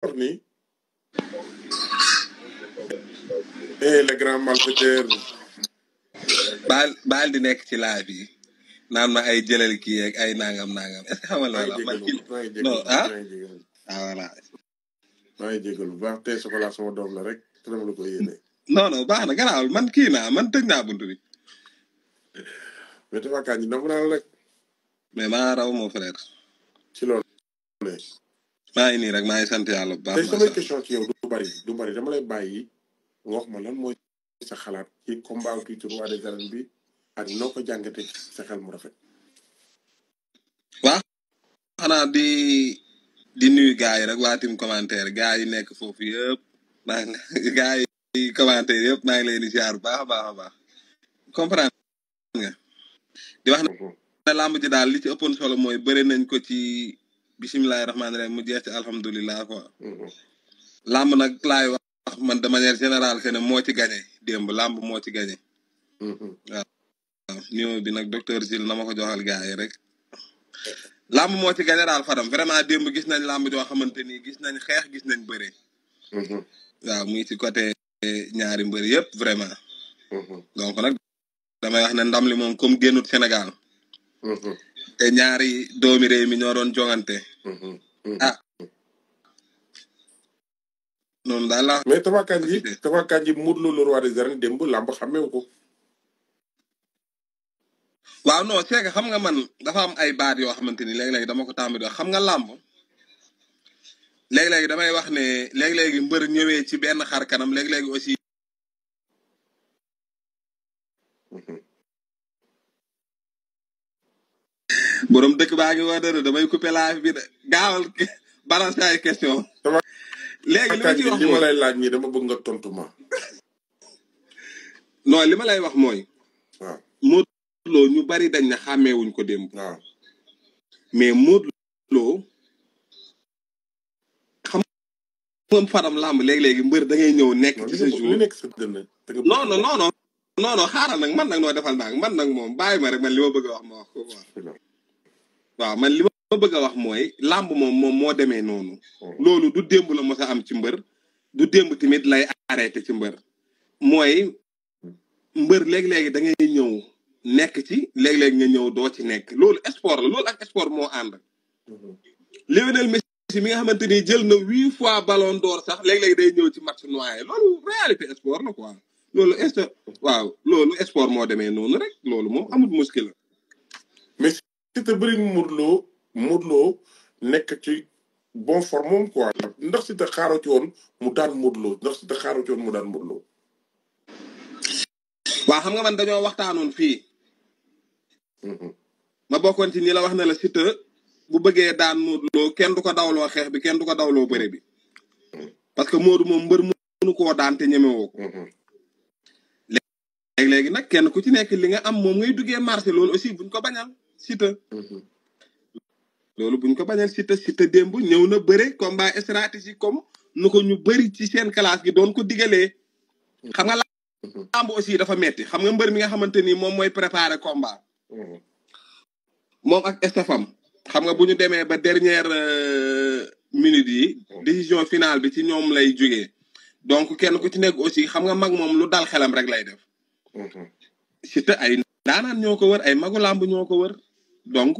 ni eh baal baal di nekk ci laa bi naan ay jëlal kii yeeg ay nangam nangam est ah ah voilà maa ngi jégalu bu baax tey chocolat sama doom la rek te dama baax na garaawul man kii naa man tëj naa buntu bi mais tafakaa ñi namu raw mon frère ci loolu maa ngi nii rek maa ngi sant yàlla bu baax. tey samay yow du bari du bari dama lay bàyyi nga wax ma lan mooy sa xalaat ci combat tuuti roi des arènes bi ak noo ko jàngatee sa xel mu rafet. waaw xanaa di di nuyu gars yi rek waatim tim commentaire gars yi nekk foofu yëpp maa ngi gars yi commentaire yëpp maa ngi leen di ziar baax a baax a baax comprendre nga di wax mhm. ne làmb ji daal li ci ëppoon solo mooy bëri nañ ko ci. Bismillahirrahmanirrahim. rahmaani Alhamdulillah mu jeex ci alhamdulilah quoi. Mm-hmm. làmb nag laay wax man de manière générale que ne moo ci gagné démb làmb moo ci gagné. Mm-hmm. waaw bi nag docteur Gilles na ko joxal gars yi rek. làmb moo ci gagné daal Fadam vraiment démb gis nañ làmb joo xamante gis nañ xeex gis nañ bëre. Mm-hmm. waaw muy ci côté ñaari mbër yëpp vraiment. donc nag damay wax ne ndam li moom comme Sénégal. Mm-hmm. te ñaari doomi réew mi ñoo doon joŋante. Mm-hmm. Ah. noonu daal la. mais tabakaan ji tabakaan ji Modou Lo le roi des arènes démb làmb xamee ko. waaw non c'est que xam nga man dafa am ay baat yoo xamante ni léeg-léeg dama ko tàmbali wax xam nga làmb léeg-léeg damay wax ne léeg-léegi mbër ñëwee ci benn xar kanam léeg-léegi aussi. borom dëkk baa ngi woote de damay coupé live bi de gaawal balance ay question léegi li ma ci wax li ma lay laaj nii dama bëgg nga tontu ma non li ma lay wax mooy waaw Modou Lo ñu bari dañ ne xàmmeewuñ ko démb waaw mais Modou Lo xam moom faram làmb léegi-léegi mbër da ngay ñëw nekk ci sa jour non non non non non xaaral nag man nag noo defal naag man nag moom bàyyi ma rek man li ma bëgg a wax ma wax ko waaw man li ma bëgg a wax mooy làmb moom moom moo demee noonu. Hmm. loolu du démb la mos a am ci mbër. du démb tamit lay arrêté ci mbër. mooy mbër léeg-léegi da ngay ñëw nekk ci léeg-léeg nga ñëw doo ci nekk loolu sport la loolu ak sport moo ànd. Hmm. Lionel Messi mi nga xamante ni jël na huit fois ballon d'or sax léeg-léeg day ñëw ci match noyé loolu réalité sport la ko loolu est waaw loolu sport moo demee noonu rek loolu moom amut muskil Siteu bëri Modou Lo Modou ci bon forme quoi ndax Siteu xaro ci won mu daan Modou ndax ci Siteu xaro ci won mu daan Modou wa xam nga man dañu waxtanon fi mhm. ma bokon ci ni la wax na la Siteu bu bëggee daan Modou Lo kenn du ko dawloo bi kenn duko dawlo dawloo bi. Mhm. parce que Modou mbeur mu ko daan te mhm. kenn ku ci nekk li nga am mom ngay duggé marché lool aussi buñ ko bañal. Siteu. Mhm. loolu buñ ko bañal Siteu Siteu démb ñëw na bëre combat stratégique comme nu ko ñu bëri ci seen classe gi doon ko digalee. Mhm. xam nga làmb mhm. aussi dafa metti xam mbër mi nga xamante ni moom mooy préparer combat. ak estafam xam nga bu ñu demee ba dernière euh, minute yi. décision finale bi ci ñoom lay jógee. donc kenn ku ci nekk aussi xam nga mag moom lu dal xelam rek lay def. Siteu ay ndaanaan ñoo ko wër ay magu làmb ñoo ko wër. donc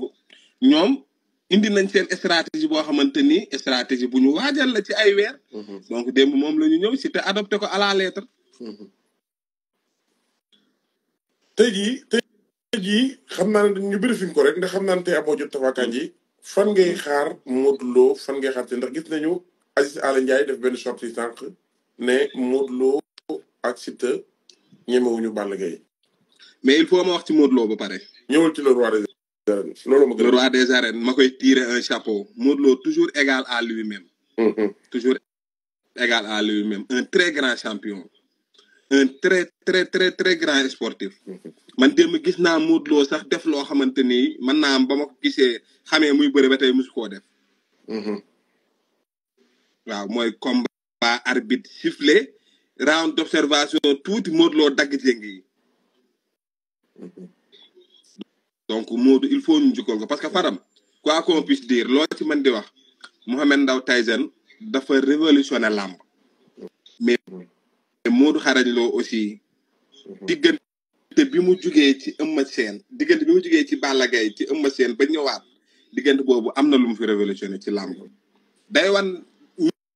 ñoom indi nañ seen stratégie boo xamante ni stratégie bu ñu waajal la ci ay weer. Mhm. donc démb moom la ñu ñëw si te adopté ko à la lettre. Mhm. te jii tey jii xam naa ne ñu briefing ko rek ndax xam naa ne tey amoo jot tafaakaan ji fan ngay xaar Modou fan ngay xaar te ndax gis nañu Aziz Aly def benn sorti sànq ne Modou Lo ak Siteu ñemewuñu Balla Gaye mais il faut ma wax ci Modou ba pare. ñëwal ci loolu waa loolu ma gën le roi des koy tirer un chapeau Modou toujours égale à lui-même. Mm-hmm. toujours égal à lui-même un très grand champion. un très très très très grand sportif. Mm-hmm. man démb gis naa Modou sax def loo xamante ni mën naa am ba ma ko gisee xamee muy bëre ba tey mosu koo def. Mm-hmm. waaw mooy combat arbitre sifflé round d'observation tuuti Modou Lo dagg jéng donc Modou il faut ñu jukkool ko parce que Fadam quoi qu'on puisse dire loo ci mën di wax Mouhamed Ndao Tyson dafa révolutionné làmb mais Modou xarañ loo aussi mhm. diggante bi mu jugee ci Eumeu Sène diggante bi mu jugee ci Balla Gaye ci Eumeu seen ba ñëwaat diggante boobu am na lu mu fi révolutionné ci làmb mhm. day wan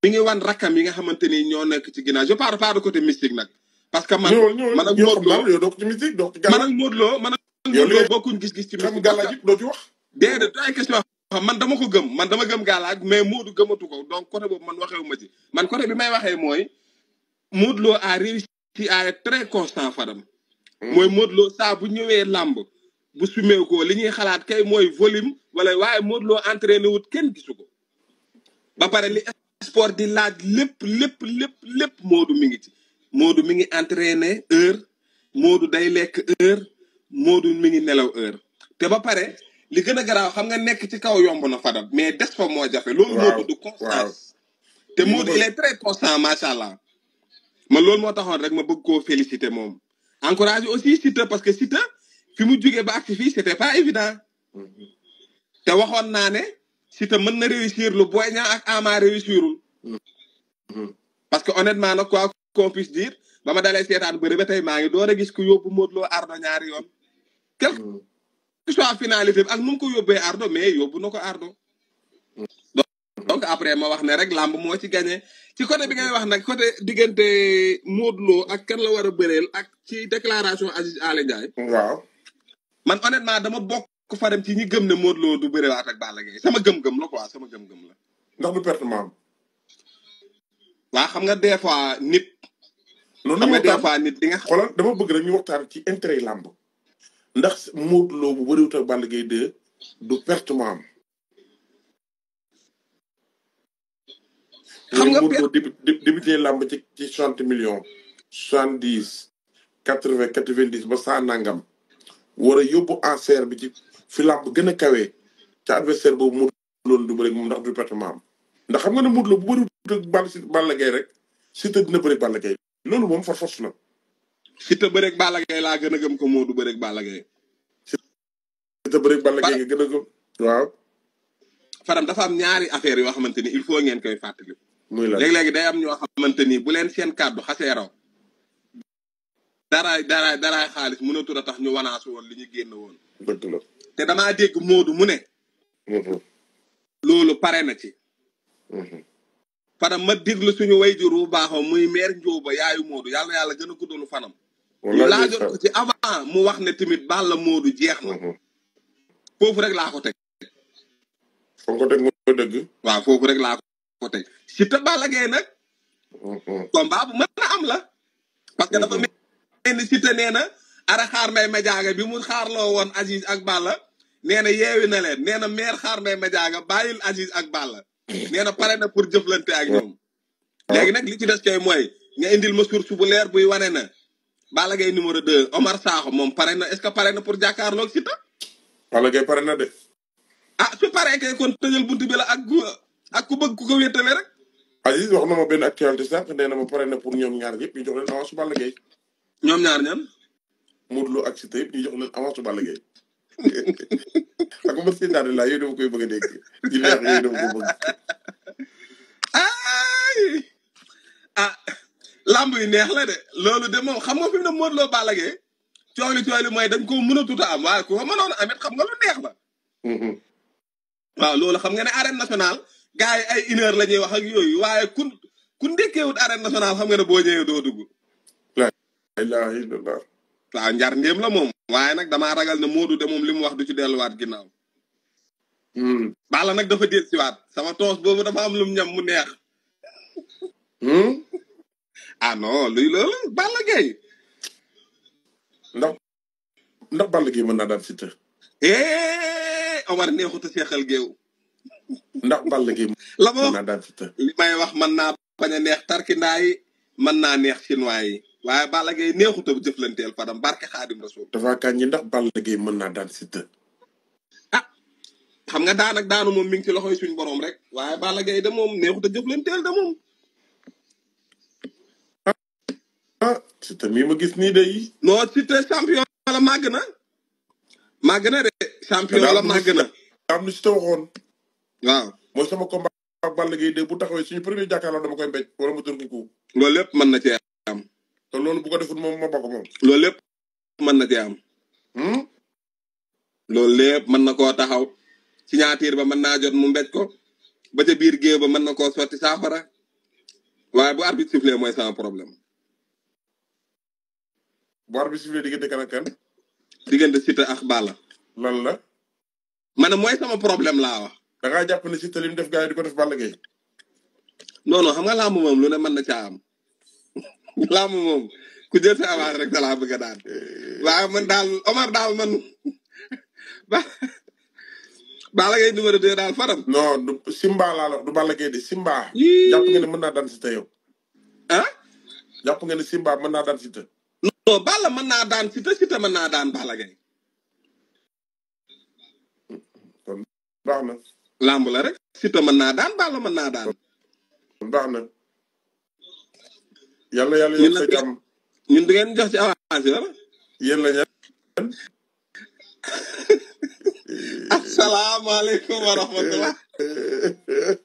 mi ngi wan rakkam yi nga xamante ni ñoo nekk ci ginnaaw je parle pas de côté mystique nag parce que man man ak Modou Lo man ak yow bokkuñ gis-gis ci xam gàllaaj doo ci wax déedéet ay question man dama ko gëm man dama gëm gàllaaj mais Moodu gëmatu ko donc côté boobu man waxewu ma ci man côté bi may waxee mooy Modou a réussi à être très constant Fadam hmm. mooy Modou saa bu ñëwee làmb bu sumee ko li ñuy xalaat kay mooy volume wala waaye Modou Lo entraîné wut kenn gisu ko ba pare li sport di laaj lépp lépp lépp lépp Modou mi ngi ci moodu mi ngi entraîné heure moodu day lekk heure moodu mi ngi nelaw heure te ba pare li gën a garaaw xam nga nekk ci kaw yomb na Fadam mais des fa moo jafe. loolu Modou du constance te Modou il est très constant macha allah. man loolu moo taxoon rek ma bëgg koo féliciter moom encourager aussi Siteu parce que Siteu fi mu jugee ba agsi fii c'était pas évident. te waxoon naa ne Siteu mën na réussir lu bo Niang ak Ama réussirul. parce que honnêtement na quoi qu'on puisse dire ba ma dalee seetaan bëri ba tey maa ngi door a gis ku yóbbu Modou Lo Ardo ñaari yoon. quelle hmm. que soit finalité bi ak nu mu ko yóbbee ardo mais yóbbu na ko ardo hmm. donc après ma wax ne rek làmb moo ci gagné ci côté bi ngay wax nag côté diggante Modou loo ak kan la war a bëreel ak ci déclaration Aziz Aly Ndiaye. waaw. man naa dama bokk fa dem ci ñi gëm ne Modou loo du bëreewaat ak Balla Gaye sama gëm-gëm la quoi sama gëm-gëm la. ndax du perte maam. waa xam nga des fois nit. noonu na ñu waxtaan nit i nga. xoolal dama bëgg rek ñu waxtaan ci intérêt làmb. ndax Modou Lo bu bëriwut ak Balla Gaye du perte mu am. xam nga Modou Lo débuté làmb ci ci soixante millions. soixante dix quatre vingt quatre vingt dix ba cent nangam. war a yóbbu enchère bi ci fi làmb gën a kawe ca adversaire boobu Modou Lo du bëri moom ndax du perte mu am ndax xam nga ne Modou Lo bu bëriwut ak Balla Balla Gaye rek Siteu dina bëri Balla Gaye loolu moom farfos la. Siteu bëreeg Balla Gaye laa gën a gëm ko Modou bëreeg Balla Gaye. Siteu bëreeg Balla Gaye gën a gëm waaw. Fadam dafa am ñaari affaire yoo xamante ni il faut ngeen koy fàttali. muy la léeg-léegi day am ñoo xamante ni bu leen seen kàddu xasee raw. xaalis mënatul a tax ñu wanaasu woon li ñu génn woon. la te damaa dégg Modou mu ne. Mm-hmm. loolu pare na ci. Mm-hmm. Fadam ma diglu suñu wayjur bu baaxoo muy meer Ndioba yaayu Modou yàlla yàlla gën a guddalu fanam. ñu laajoon ko ci avant mu wax ne tamit la Modou jeex na. Mhm. foofu rek laa ko teg. foo ko teg rek laa ko si te Balla Gaye nag. Mhm. combat bu mën na am la. parce que dafa mhm. mel ni si te nee na ara xaar mbay ma bi mu xaarloo woon Aziz ak Balla nee na yeewi na leen nee na meer xaar mbay ma jaaga bàyyil Aziz ak Balla. nee na pare na pour jëflante ak ñoom. léegi nag li ci des kay mooy nga indil ma source bu leer buy wane na. balagay numéro 2 Omar Sakho mom pare na est-ce que pare na pour Dakar lok Balla Gaye pare na de. ah su paré kay kon teñal buntu bi la ak ak ku bëgg ku ko wétalé rek. Aziz wax na ma ben actualité sax nee na ma pare na pour ñom ñaar yépp ñu jox leen avance su Balla Gaye. ñaar ñan. mudlu ak Siteu yëpp ñu jox leen avance su ak ma seen daal laa koy bëgg dégg. di leer yooyu do ko bëgg. ah. lamb yi neex la de loolu de moom xam nga fi mu ne Modou Lo Balla Gaye coow mooy dañ ko mënatut am waaye ku ko xam nga lu neex la. Mm-hmm. waaw xam nga ne arène nationale gars yi ay une la ñuy wax ak yooyu waaye ku ku ndekkeewut arène nationale xam nga ne boo ñëwee doo dugg. la ilaha moom. waaye nag damaa ragal ne Modou de moom li mu wax du ci delluwaat ginnaaw. Mm-hmm. nag dafa dellusiwaat sama toos boobu dafa am lum mu ñam mu neex. Hmm? ah non luy loolu Balla Gaye ndax ndax Balla Gaye mën naa daan Siteu eh, Omar neexut a seexal géew ndax Balla Gaye la moo mën naa daan li may wax mën naa bañ a neex tarkindaa yi mën naa neex chinois yi waaye Balla Gaye neexut a jëflanteel fadam barke xaadim rasul te kañ ñi ndax Balla Gaye mën naa daan Siteu ah xam nga daan ak daanu moom mi ngi ci loxoy suñu borom rek waaye Balla Gaye de moom neexut a jëflanteel de moom Siteu mi ma gis No day. non Siteu champion la magna. Magna de. champion la magna. na. am na Siteu waxoon. waaw mooy sama combat ak Balla Gaye de bu taxawee suñu premier jàkkaarloo dama koy mbéj wala mu dóor ko lo loolu lépp mën na cee am. te loolu bu ko deful moom ma bokk moom. loolu lépp mën na cee am. Hmm? loolu lépp mën na koo taxaw. signature ba mën naa jot mu ko. ba ca biir ba na waaye bu arbitre sifflé problème war bi sifflé diggante kan kan. diggante Siteu ak Balla. lan la. ma moy sama problème la wax. da nga japp ni Siteu def gaay diko di def no no, non non xam nga làmb mom lu ne na ca am làmb mom ku jël sa avant rek da la bëgg daal eh. wa man daal Omar daal man ba Balla numéro 2 daal faram. non du Simba la du Balla di Simba. japp nga ni mën naa yow. ah. japp nga ni Simba mën naa daan Siteu non bala man na daan sita sita man na daan bala gay kon lamb la rek sita man na daan bala man na daan Baxna. Yalla yalla yàlla sa ñun ngeen jox ci avance wala yéen la ñaan alaykum wa rahmatullah